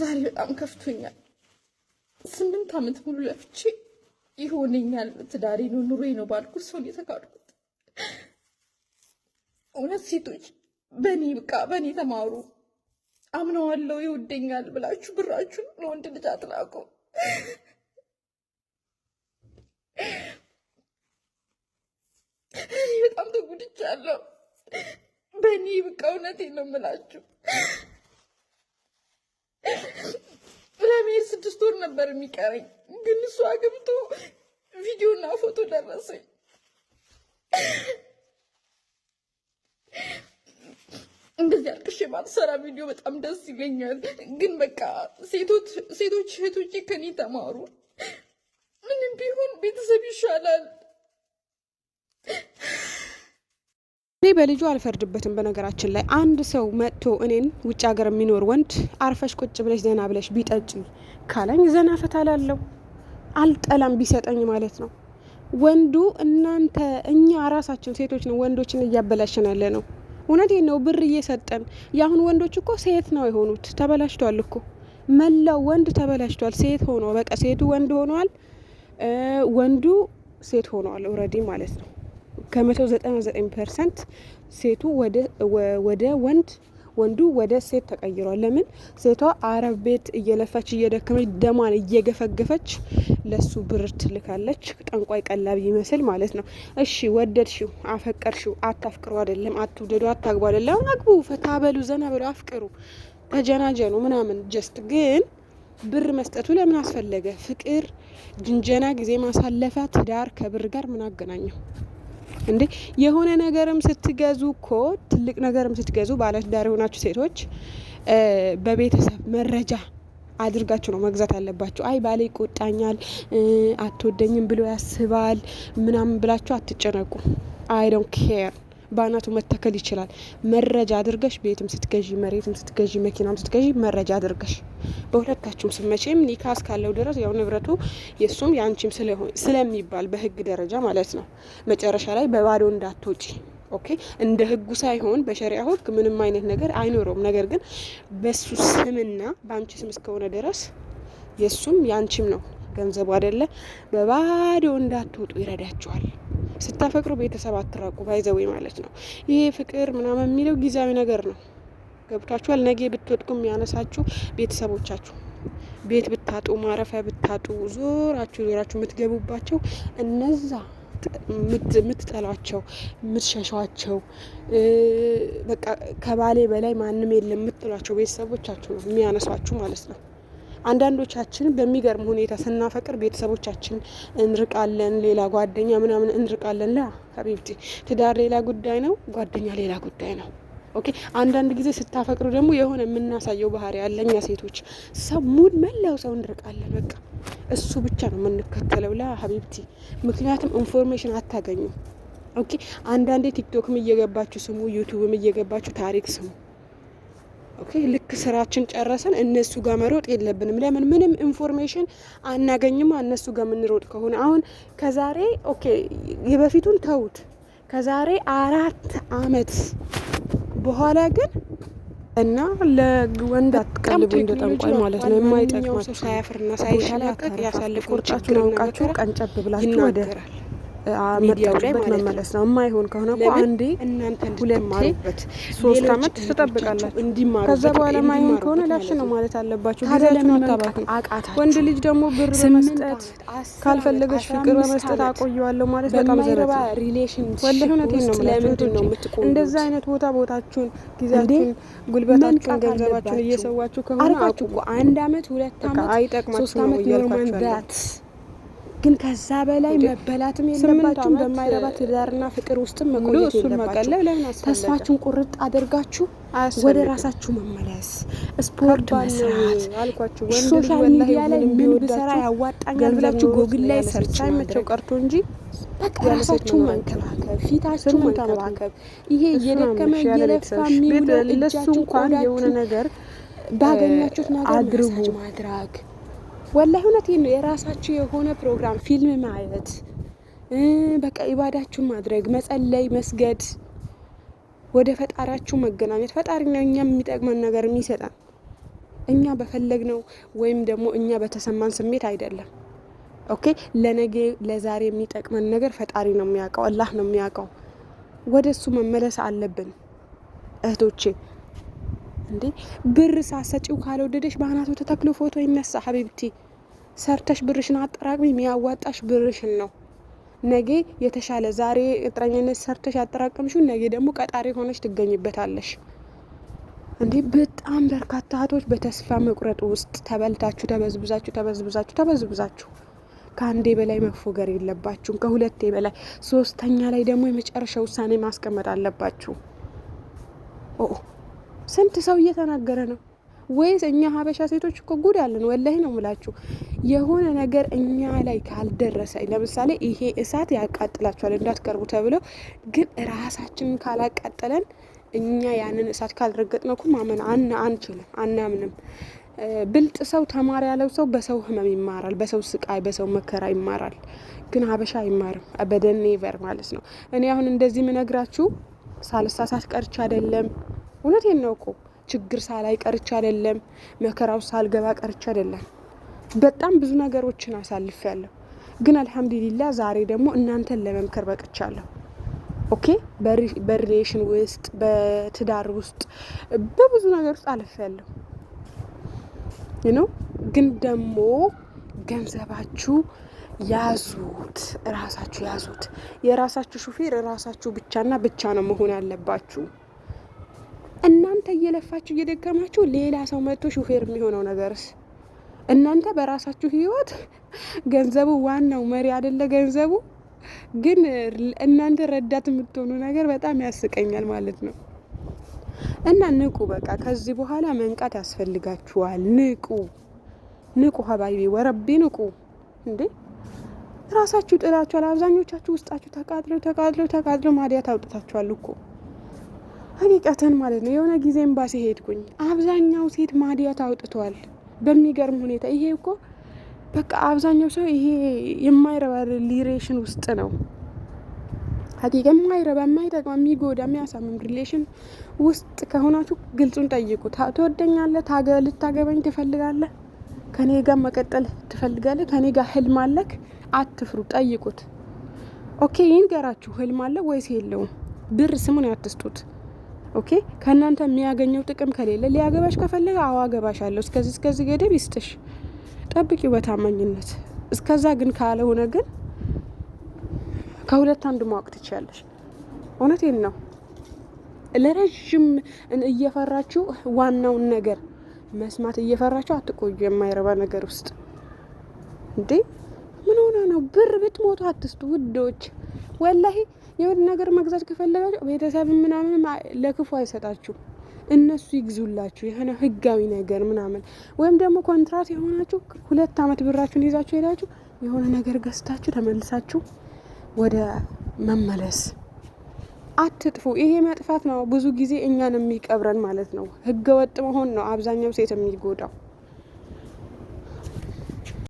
ዛሬ በጣም ከፍቶኛል። ስምንት ዓመት ሙሉ ለፍቼ ይሆነኛል ትዳሬ ነው ኑሮዬ ነው ባልኩ ሰውን የተካድኩት። እውነት ሴቶች በእኔ ብቃ በእኔ ተማሩ አምነዋለው ይወደኛል ብላችሁ ብራችሁን ለወንድ ልጅ አትላቁ። እኔ በጣም ተጉድቻለሁ። በእኔ ብቃ እውነቴ ነው የምላችሁ። ነበር የሚቀረኝ፣ ግን እሱ አግብቶ ቪዲዮና ፎቶ ደረሰኝ። እንደዚህ አልቅሽ ባልሰራ ቪዲዮ በጣም ደስ ይለኛል። ግን በቃ ሴቶች እህቶቼ ከኔ ተማሩ። ምንም ቢሆን ቤተሰብ ይሻላል። እኔ በልጁ አልፈርድበትም። በነገራችን ላይ አንድ ሰው መጥቶ እኔን ውጭ ሀገር የሚኖር ወንድ አርፈሽ ቁጭ ብለሽ ዘና ብለሽ ቢጠጭ ካለኝ ዘና ፈታ ላለው አልጠላም፣ ቢሰጠኝ ማለት ነው። ወንዱ እናንተ እኛ ራሳችን ሴቶች ነው ወንዶችን እያበላሸን ያለ ነው። እውነት ነው። ብር እየሰጠን የአሁን ወንዶች እኮ ሴት ነው የሆኑት። ተበላሽቷል እኮ መላው ወንድ ተበላሽቷል። ሴት ሆኖ በቃ ሴቱ ወንድ ሆኗል፣ ወንዱ ሴት ሆኗል። ኦልሬዲ ማለት ነው። ከ199 ፐርሰንት ሴቱ ወደ ወንድ ወንዱ ወደ ሴት ተቀይሯል። ለምን ሴቷ አረብ ቤት እየለፋች እየደከመች ደሟን እየገፈገፈች ለሱ ብር ትልካለች፣ ጠንቋይ ቀላቢ ይመስል ማለት ነው። እሺ ወደድሽው፣ አፈቀርሽው፣ አታፍቅሩ አይደለም፣ አትውደዱ፣ አታግቡ አይደለም፣ አግቡ፣ ፈታ በሉ፣ ዘና በሉ፣ አፍቅሩ፣ ተጀናጀኑ ምናምን ጀስት ግን ብር መስጠቱ ለምን አስፈለገ? ፍቅር፣ ጅንጀና፣ ጊዜ ማሳለፊያ፣ ትዳር ከብር ጋር ምን አገናኘው? እንዴ የሆነ ነገርም ስትገዙ እኮ ትልቅ ነገርም ስትገዙ ባለትዳር የሆናችሁ ሴቶች በቤተሰብ መረጃ አድርጋችሁ ነው መግዛት አለባችሁ። አይ ባለ ይቆጣኛል፣ አትወደኝም ብሎ ያስባል ምናምን ብላችሁ አትጨነቁ። አይ ዶንት ኬር በአናቱ መተከል ይችላል። መረጃ አድርገሽ ቤትም ስትገዢ፣ መሬትም ስትገዢ፣ መኪናም ስትገዢ መረጃ አድርገሽ በሁለታችሁም ስም ኒካ እስካለው ድረስ ያው ንብረቱ የእሱም የአንቺም ስለሚባል በህግ ደረጃ ማለት ነው። መጨረሻ ላይ በባዶ እንዳትወጪ ኦኬ እንደ ህጉ ሳይሆን በሸሪያ ህግ ምንም አይነት ነገር አይኖረውም። ነገር ግን በሱ ስምና በአንቺ ስም እስከሆነ ድረስ የሱም የአንቺም ነው ገንዘቡ አይደለ። በባዶ እንዳትወጡ ይረዳችኋል። ስታፈቅሩ ቤተሰብ አትራቁ፣ ባይዘዌ ማለት ነው። ይሄ ፍቅር ምናምን የሚለው ጊዜያዊ ነገር ነው። ገብቷችኋል? ነገ ብትወድቁ የሚያነሳችሁ ቤተሰቦቻችሁ፣ ቤት ብታጡ፣ ማረፊያ ብታጡ፣ ዞራችሁ ዞራችሁ የምትገቡባቸው እነዛ የምትጠሏቸው የምትሸሿቸው በቃ ከባሌ በላይ ማንም የለም የምትሏቸው ቤተሰቦቻችሁ ነው የሚያነሷችሁ ማለት ነው። አንዳንዶቻችን በሚገርም ሁኔታ ስናፈቅር ቤተሰቦቻችን እንርቃለን፣ ሌላ ጓደኛ ምናምን እንርቃለን። ላ ሀቢብቲ ትዳር ሌላ ጉዳይ ነው፣ ጓደኛ ሌላ ጉዳይ ነው። ኦኬ አንዳንድ ጊዜ ስታፈቅሩ ደግሞ የሆነ የምናሳየው ባህሪ ያለ እኛ ሴቶች ሙድ መላው ሰው እንርቃለን። በቃ እሱ ብቻ ነው የምንከተለው። ላ ሀቢብቲ ምክንያቱም ኢንፎርሜሽን አታገኙ። ኦኬ አንዳንዴ ቲክቶክም እየገባችሁ ስሙ፣ ዩቱብም እየገባችሁ ታሪክ ስሙ። ኦኬ ልክ ስራችን ጨረሰን እነሱ ጋር መሮጥ የለብንም። ለምን ምንም ኢንፎርሜሽን አናገኝም። እነሱ ጋር የምንሮጥ ከሆነ አሁን ከዛሬ ኦኬ የበፊቱን ተውት። ከዛሬ አራት አመት በኋላ ግን እና ለወንድ አትቀልቡ እንደ ጠንቋይ ማለት ነው። የማይጠቅማቸው ሳያፍርና ሳይሻላቀቅ ያሳልፎ ቁርጫችሁን አውቃችሁ ቀንጨብ ብላችሁ ወደ መጣበት መመለስ ነው። የማይሆን ከሆነ እኮ ሁለት ሁለቴ ሶስት አመት ትጠብቃላችሁ። ከዛ በኋላ ማይሆን ከሆነ ላሽ ነው ማለት አለባችሁ። ጊዜያችሁን አታባክኑ። ወንድ ልጅ ደግሞ ብር በመስጠት ካልፈለገች ፍቅር በመስጠት አቆየዋለሁ ማለት በጣም ዘረባ ሪሌሽን ወለ እውነቴን ነው የምላችሁ። እንደዛ አይነት ቦታ ቦታችሁን፣ ጊዜያችሁን፣ ጉልበታችሁን፣ ገንዘባችሁን እየሰዋችሁ ከሆነ አቁ አንድ አመት ሁለት አመት አይጠቅማችሁ አመት እያልኳችሁ ግን ከዛ በላይ መበላትም የለባችሁም። በማይረባ ትዳርና ፍቅር ውስጥም መቆየት የለባችሁ። ተስፋችሁን ቁርጥ አድርጋችሁ ወደ ራሳችሁ መመለስ፣ ስፖርት መስራት፣ ሶሻል ሚዲያ ላይ ምን ብሰራ ያዋጣኛል ብላችሁ ጎግል ላይ ሰርች መቸው ቀርቶ እንጂ በቃ ራሳችሁ መንከባከብ፣ ፊታችሁን መንከባከብ። ይሄ እየደከመ እየለፋ የሚውለው እጃችሁ ነገር ባገኛችሁት ነገር አድርጉ ማድረግ ወላሂ እውነቴን ነው። የራሳችሁ የሆነ ፕሮግራም ፊልም ማየት በቃ ኢባዳችሁ ማድረግ መጸለይ፣ መስገድ፣ ወደ ፈጣሪያችሁ መገናኘት ፈጣሪ እኛ የሚጠቅመን ነገር የሚሰጠን እኛ በፈለግነው ወይም ደግሞ እኛ በተሰማን ስሜት አይደለም። ኦኬ ለነገ ለዛሬ የሚጠቅመን ነገር ፈጣሪ ነው የሚያውቀው፣ አላህ ነው የሚያውቀው። ወደ እሱ መመለስ አለብን እህቶቼ። እንዴ ብር ሳሰጪው ካልወደደሽ በአናቱ ተተክሎ ፎቶ ይነሳ። ሀቢብቲ ሰርተሽ ብርሽን አጠራቅሚ። የሚያዋጣሽ ብርሽን ነው። ነገ የተሻለ ዛሬ ቅጥረኝነት ሰርተሽ ያጠራቀምሽው ነገ ደግሞ ቀጣሪ ሆነሽ ትገኝበታለሽ። እንዴ በጣም በርካታ እህቶች በተስፋ መቁረጥ ውስጥ ተበልታችሁ ተበዝብዛችሁ ተበዝብዛችሁ ተበዝብዛችሁ ከአንዴ በላይ መፎገር የለባችሁም። ከሁለቴ በላይ ሶስተኛ ላይ ደግሞ የመጨረሻ ውሳኔ ማስቀመጥ አለባችሁ። ስንት ሰው እየተናገረ ነው። ወይስ እኛ ሀበሻ ሴቶች እኮ ጉድ ያለን ወላይ ነው ምላችሁ። የሆነ ነገር እኛ ላይ ካልደረሰ ለምሳሌ ይሄ እሳት ያቃጥላችኋል እንዳትቀርቡ ተብለው፣ ግን ራሳችንን ካላቃጠለን እኛ ያንን እሳት ካልረገጥ ነው ማመን አና አንችልም አናምንም። ብልጥ ሰው ተማሪ ያለው ሰው በሰው ህመም ይማራል፣ በሰው ስቃይ፣ በሰው መከራ ይማራል። ግን ሀበሻ አይማርም በደኔቨር ማለት ነው። እኔ አሁን እንደዚህ ምነግራችሁ ሳልሳሳት ቀርቻ አይደለም። እውነቴን ነው እኮ ችግር ሳላይ ቀርቻ አይደለም፣ መከራው ሳልገባ ቀርቻ አይደለም። በጣም ብዙ ነገሮችን ያለሁ ግን አልሐምዱሊላ ዛሬ ደግሞ እናንተን ለመምከር በቅቻለሁ። ኦኬ በሪሌሽን ውስጥ በትዳር ውስጥ በብዙ ነገር ውስጥ ያለሁ ነው። ግን ደግሞ ገንዘባችሁ ያዙት፣ ራሳችሁ ያዙት። የራሳችሁ ሹፌር ራሳችሁ ብቻና ብቻ ነው መሆን ያለባችሁ። እናንተ እየለፋችሁ እየደከማችሁ ሌላ ሰው መጥቶ ሹፌር የሚሆነው ነገርስ? እናንተ በራሳችሁ ህይወት ገንዘቡ ዋናው መሪ አይደለ? ገንዘቡ ግን እናንተ ረዳት የምትሆኑ ነገር በጣም ያስቀኛል ማለት ነው። እና ንቁ፣ በቃ ከዚህ በኋላ መንቃት ያስፈልጋችኋል። ንቁ ንቁ፣ ሀባይቢ ወረቢ ንቁ። እንዴ ራሳችሁ ጥላችኋል። አብዛኞቻችሁ ውስጣችሁ ተቃጥለው ተቃጥለው ተቃጥለው ማዲያት አውጥታችኋል እኮ ሀቂቀትን ማለት ነው። የሆነ ጊዜ ኤምባሲ ሄድኩኝ። አብዛኛው ሴት ማዲያት አውጥቷል በሚገርም ሁኔታ። ይሄ እኮ በቃ አብዛኛው ሰው ይሄ የማይረባ ሪሌሽን ውስጥ ነው ሀቂቃ የማይረባ የማይጠቅማ የሚጎዳ የሚያሳምም ሪሌሽን ውስጥ ከሆናችሁ ግልጹን ጠይቁ። ትወደኛለህ? ልታገበኝ ትፈልጋለህ? ከኔ ጋር መቀጠል ትፈልጋለህ? ከኔ ጋር ህልም አለክ? አትፍሩ፣ ጠይቁት። ኦኬ ይንገራችሁ፣ ህልም አለ ወይስ የለውም? ብር ስሙን ያትስጡት። ኦኬ ከእናንተ የሚያገኘው ጥቅም ከሌለ ሊያገባሽ ከፈለገ ገባሽ አለሁ እስከዚህ እስከዚህ ገደብ ይስጥሽ፣ ጠብቂ በታማኝነት እስከዛ ግን ካልሆነ ግን ከሁለት አንድ ማወቅ ትችያለሽ። እውነቴን ነው። ለረዥም እየፈራችሁ ዋናውን ነገር መስማት እየፈራችሁ አትቆዩ። የማይረባ ነገር ውስጥ እንዴ ምን ሆነ ነው? ብር ብትሞቱ አትስጡ ውዶች፣ ወላሄ። የሆነ ነገር መግዛት ከፈለጋችሁ ቤተሰብ ምናምን ለክፉ አይሰጣችሁ። እነሱ ይግዙላችሁ የሆነ ህጋዊ ነገር ምናምን ወይም ደግሞ ኮንትራት የሆናችሁ ሁለት አመት ብራችሁን ይዛችሁ ሄዳችሁ የሆነ ነገር ገዝታችሁ ተመልሳችሁ ወደ መመለስ አትጥፉ። ይሄ መጥፋት ነው ብዙ ጊዜ እኛን የሚቀብረን ማለት ነው። ህገ ወጥ መሆን ነው አብዛኛው ሴት የሚጎዳው።